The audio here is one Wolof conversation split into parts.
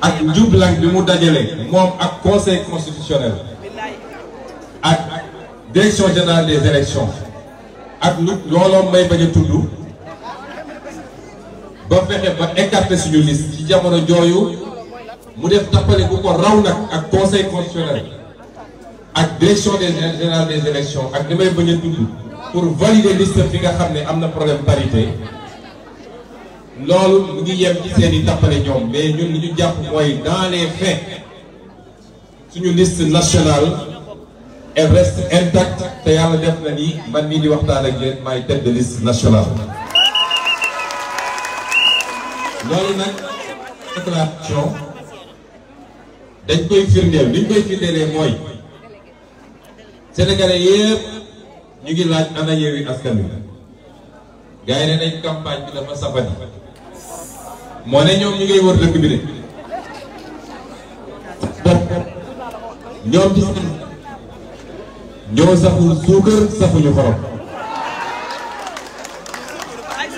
ak njublang bi mu dajale moom ak conseil constitutionnel ak direction générale des élections ak lu looloo may bañ a tudd ba fexe ba écarter suñu liste ci jamono jooyu mu def tappale bu ko raw nag ak conseil constitutionnel ak direction des générale des élections ak li may bañ a pour valider liste fi nga xam ne am na problème parité loolu mu ngi yem ci tappale ñoom mais ñun li ñu jàpp mooy dans les faits suñu liste nationale elle reste intacte te yàlla def na ni man mii di waxtaan ak yéen maay tête de liste loolu nag déclaration dañ koy firndeel li koy firndeelee mooy sénégalais yëpp ñu ngi laaj ana Yewwi Askan Wi nañ campagne bi dafa safadi moo ne ñoom ñi ngay wër dëkk bi de ñoom ci seen ñoo saxul suukar saxuñu xorom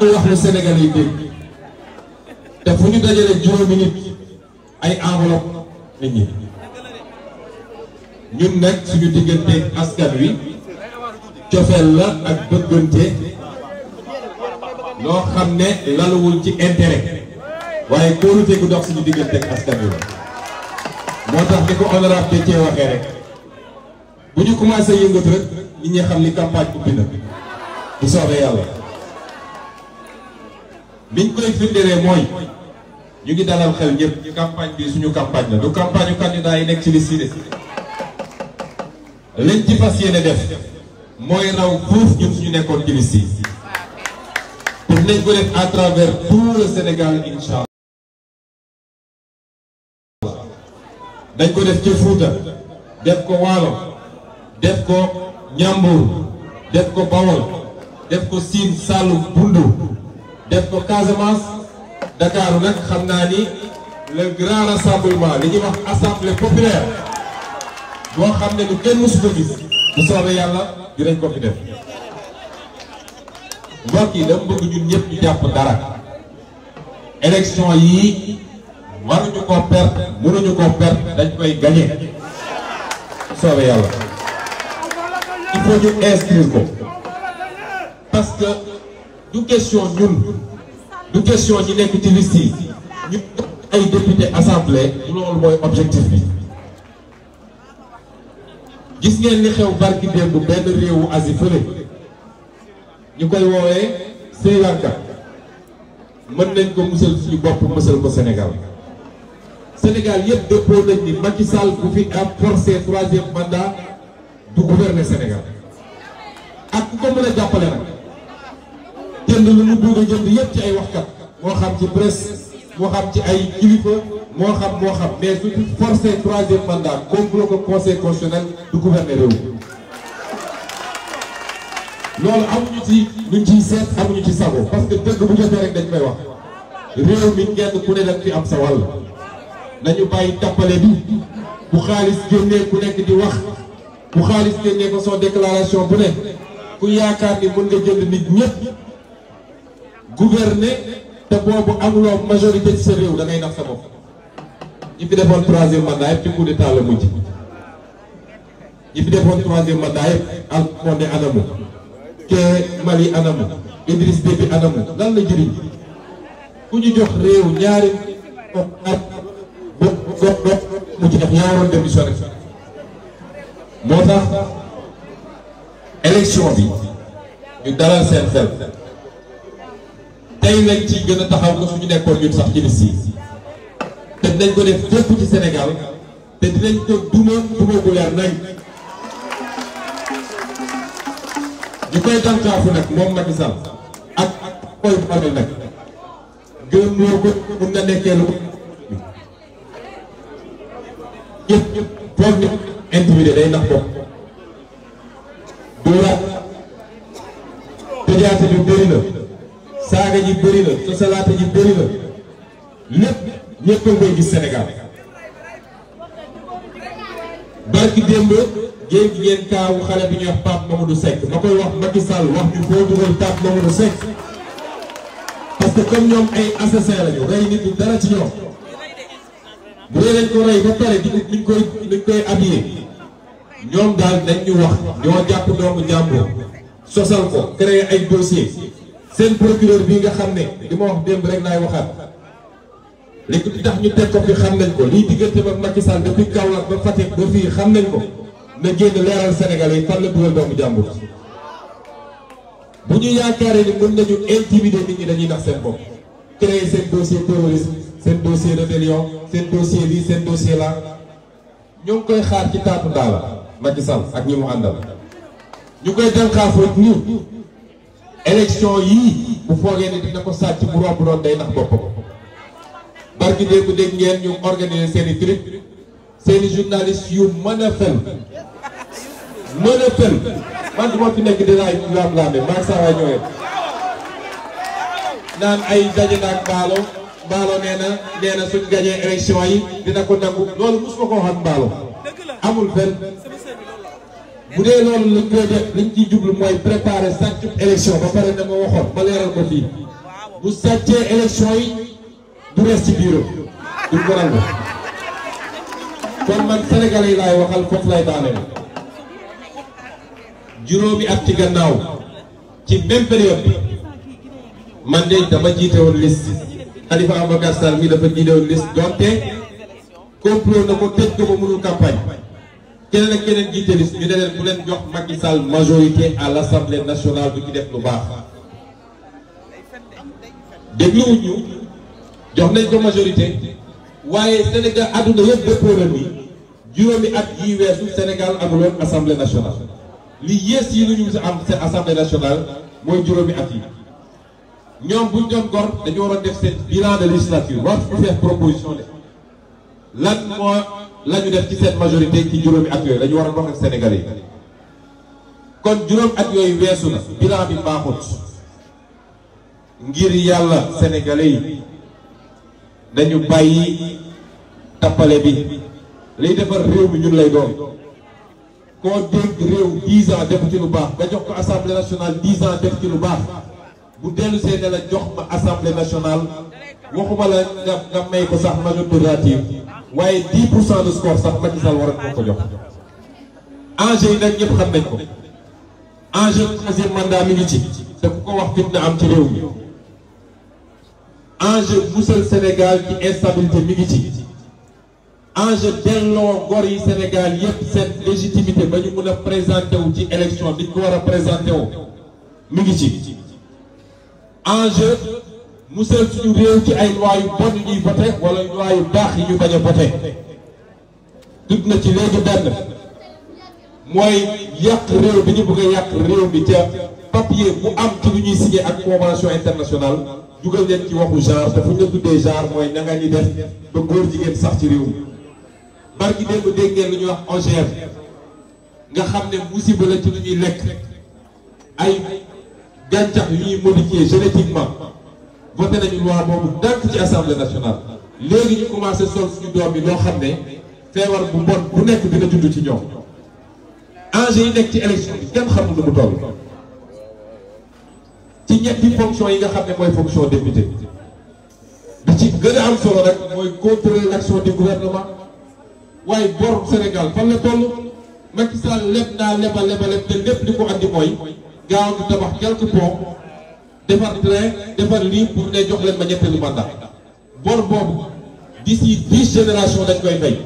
ñu wax lu Sénégal yi dégg te fu ñu dajale juróomi nit ay enveloppe nit ñi ñun nag suñu diggante askan wi cofeel la ak bëggante loo xam ne laluwul ci intérêt waaye kóolute gu dox suñu diggante ak askan wi moo tax ni ko honorable de cee waxee rek bu ñu commencé yëngatu rek nit ñi xam ni campagne ubbi na bu soobee yàlla liñ koy firndelee mooy ñu ngi dalal xel ñëpp campagne bi suñu campagne la du campagne yu yi nekk ci liste yi lañ ci fas yéene def mooy raw fuuf ñun suñu nekkoon ci liste yi pour nañ ko def à travers tout Sénégal incha dañ ko def ci Fuuta def ko Waalo def ko Ñambur def ko Bawol def ko Siin Saalum Bundu def ko Casamance Dakar nag xam naa ni le grand rassemblement li ñuy wax assemblée populaire boo xam ne lu kenn mësu ko gis bu soobee yàlla dinañ ko fi def mbokk yi dama bëgg ñun ñëpp jàpp dara élection yii waruñu koo perte mënuñu koo perte dañ koy gagné soobee yàlla que du question ñun du nekk ci liste yi ñu ay député assemblée loolu mooy objectif bi gis ngeen li xew barki démb benn réewu Asie fële ñu koy woowee Sri Lanka mën nañ ko musal suñu bopp musal ko Sénégal Sénégal yëpp dëppoo nañ ni Macky Sall bu fi am forcé troisième mandat du gouverner Sénégal ak ku ko mën a jàppale nag jënd lu mu bëgg a jënd yëpp ci ay waxkat moo xam ci presse moo xam ci ay kilifa moo xam moo xam mais su ñu forcé mandat complot conseil constitutionnel du gouverner réew loolu amuñu ci luñ ciy seet amuñu ci sago parce que dëgg bu jotee rek dañ koy wax réew mi ngeen ku ne dañ fi am sa nañu bàyyi tappale bi bu xaalis génnee ku nekk di wax bu xaalis génnee façon déclaration bu ne ku yaakaar ni mën nga jënd nit ñëpp gouverner te boobu amuloo majorité ci sa réew da ngay nax sa bopp ñi fi defoon troisième mandat ci coup d'état mujj ñi fi defoon troisième mandat yëpp Alpha Condé anamu ke anamu Idriss Déby anamu lan la jëriñ ku ñu jox réew ñaari at mu ci def moo tax élection bi ñu dalal seen xel tey lañ ci gën a taxaw na suñu nekkoon ñun sax ci liste yi te dinañ ko def fépp ci Sénégal te dinañ ko duma duma ko leer nañ ñu koy dànkaafu nag moom Macky Sall ak ak koy bu nag gëm loo ko mun na nekkee lu yëpp foofu ñu intimidé day ndax bopp dóoraat tëjaate bi bëri na saaga ji bëri na sosalaate ji bëri na lépp ñëpp a ngi koy gis Sénégal barki démb géej gi ngeen kaawu xale bi ñuy wax Pape Mamadou Seck ma koy wax Macky Sall wax ñu foo dugal Pape Mamadou Seck parce que comme ñoom ay assassin lañu rey nit ñi dara ci ñoom. bu dee dañ ko rey ba pare di ñu koy di koy habillé ñoom daal dañ ñu wax ñoo jàpp doomu jàmbur sosal ko créer ay dossier seen procureur bii nga xam ne li ma wax démb rek naay waxaat li tax ñu teg ko fi xam nañ ko liy diggante ba Macky Sall depuis Kaolack ba Fatick ba fii xam nañ ko na génn leeral Sénégalais yi fan la dugal doomu jàmbur bu ñu yaakaaree ni mën nañu intimider nit ñi dañuy nax seen bopp créer seen dossier terrorisme. seen dossier rébellion seen dossier lii seen dossier la ñu koy xaar ci taatu daal Macky Sall ak ñi mu àndal ñu koy dem xaafoot nii élection yii bu foogee ne dina ko sàcc bu romb doon day nax boppam barki dégg dégg ngeen ñu organiser seen trip seen i yu mën a fel mën a fel man du fi nekk dinaa laam-laame maa saa ñëwee naan ay daje naag Mballo nee na nee na suñ gagné élection yi dina ko nangu loolu mosuma koo xam Mballo amul fenn bu dee loolu lañ koy def liñ ciy jublu mooy préparer sàccub élection ba pare dama waxoon ma leeral ko fii bu sàccee élection yi du rees ci bureau duñ ko nangu kon man yi laay waxal foofu lay daaneel juróomi at ci gannaaw ci même période bi man de dama jiite woon liste Khalifa Ababacar Sall mi dafa jiitewoon liste donte complot na ko tëj ko mënul campagne keneen ak keneen jiite liste ñu ne leen bu leen jox Macky Sall majorité à l' assemblée nationale bu ci def lu baax dégluwuñ ñu jox nañ ko majorité waaye Sénégal àdduna yëpp dëppoo na ni juróomi at yi weesu Sénégal amuloon assemblée nationale li yées yi lu ñu am seen assemblée nationale mooy juróomi at yi ñoom buñ doon gor dañu waroon def seen bilan de législature war fu def proposition de lan moo la def ci seen majorité ci juróomi at yooyu dañu war a wax ak Sénégalais yi kon juróom at yooyu weesu na bilan bi baaxut ngir yàlla Sénégalais yi dañu bàyyi tappale bi liy defar réew mi ñun lay doon koo dégg réew 10 def ci lu baax nga jox ko assemblée nationale 10 def ci lu baax bu dellu see ne la jox ma assemblée nationale waxuma la nga nga may ko sax majorité relative waaye 10 pour cent de score sax Macky Sall war ko jox. enjeu yi nag ñëpp xam nañ ko enjeu troisième mandat mi ngi ci te ku ko wax fitna am ci réew mi enjeu musal Sénégal ci instabilité mi ngi ci. enjeu delloo gor yi Sénégal yëpp seen légitimité ba ñu mën a présenté ci élection bi ñu ko war a présenté mi ngi ci. enjeu musal suñu réew ci ay loi yu bon ñuy voté wala loi yu baax yi ñu bañ a voté tudd na ci léegi benn mooy yàq réew bi ñu bëgg a yàq réew bi ca papier bu am ci lu ñuy signé ak convention internationale dugal leen ci waxu genre te fu ñu la tuddee genre mooy na nga ñu def ba góor jigéen sax ci réew mi barki démb dégg ngeen lu ñuy wax OGM nga xam ne musiba la ci lu ñuy lekk ay gàncax yu ñuy modifié génétiquement voté nañu loi boobu dànk ci assemblée nationale léegi ñu commencé sol suñu doom yi loo xam ne feebar bu mbon bu nekk dina judd ci ñoom enjeu yi nekk ci élection bi kenn xamul lu mu toll ci ñetti fonction yi nga xam ne mooy fonction député bi ci gën am solo rek mooy contrôler l'action du gouvernement waaye bor Sénégal fan la toll Macky Sall leb naa leba leba leb te lépp li ko andi mooy gaaw di tabax quelques ponts defar train defar lii pour ne jox leen ma ñetteelu mandat bor boobu d'ici dix génération dañ koy fay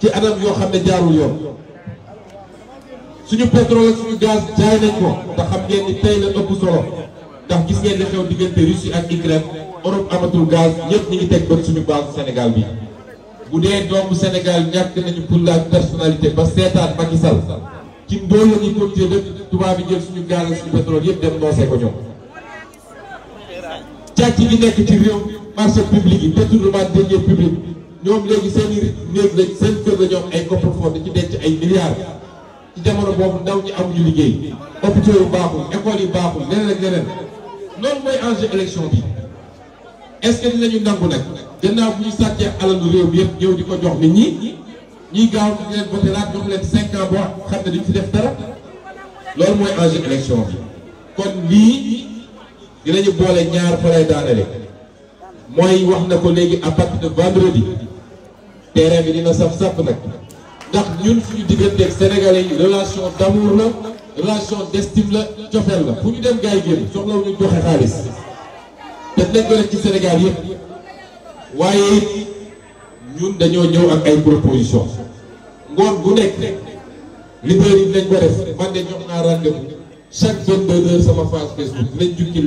ci anam yoo xam ne jaarul yoon suñu pétrole ak suñu gaz jaay nañ ko te xam ngeen ni tey la ëpp solo ndax gis ngeen li xew diggante Russie ak Ukraine Europe amatul gaz ñëpp ñi ngi teg bët suñu base Sénégal bi bu dee doomu Sénégal ñàkk nañu pour la personnalité ba seetaan Macky Sall ci ndóol la ñuy continuer dëkk tubaab yi jël suñu gaal ak suñu pétrole yëpp dem noosee ko ñoom. càcc gi nekk ci réew marché public yi détournement de deniers publics ñoom léegi seen i seen kër la jox ay coffre-fort di ci denc ay milliards ci jamono boobu ndaw ñi amuñu liggéey hôpitaux yu baaxul école yi baaxul leneen ak leneen loolu mooy enjeu élection bi est-ce que dinañu nangu nag gannaaw bu ñu sàccee alalu réew mi yëpp ñëw di ko jox nit ñi. ñuy gaaw di leen voté laaj jox leen cinq boo xam ne duñ ci def dara loolu mooy enjeu élection bi kon lii dinañu boole ñaar fa daanale mooy wax na ko léegi à partir de vendredi terrain bi dina saf saf nag ndax ñun suñu diggante ak sénégal yi relation d'amour la relation d'estime la cofeel la fu ñu dem gaay génn soo wu ñu joxe xaalis def nañ ko def ci Sénégal yëpp waaye ñun dañoo ñëw ak ay proposition ngoon bu nekk leader yi lañ ko def man de ñox naa rendez-vous chaque 22 heures sama page Facebook dinañ jukki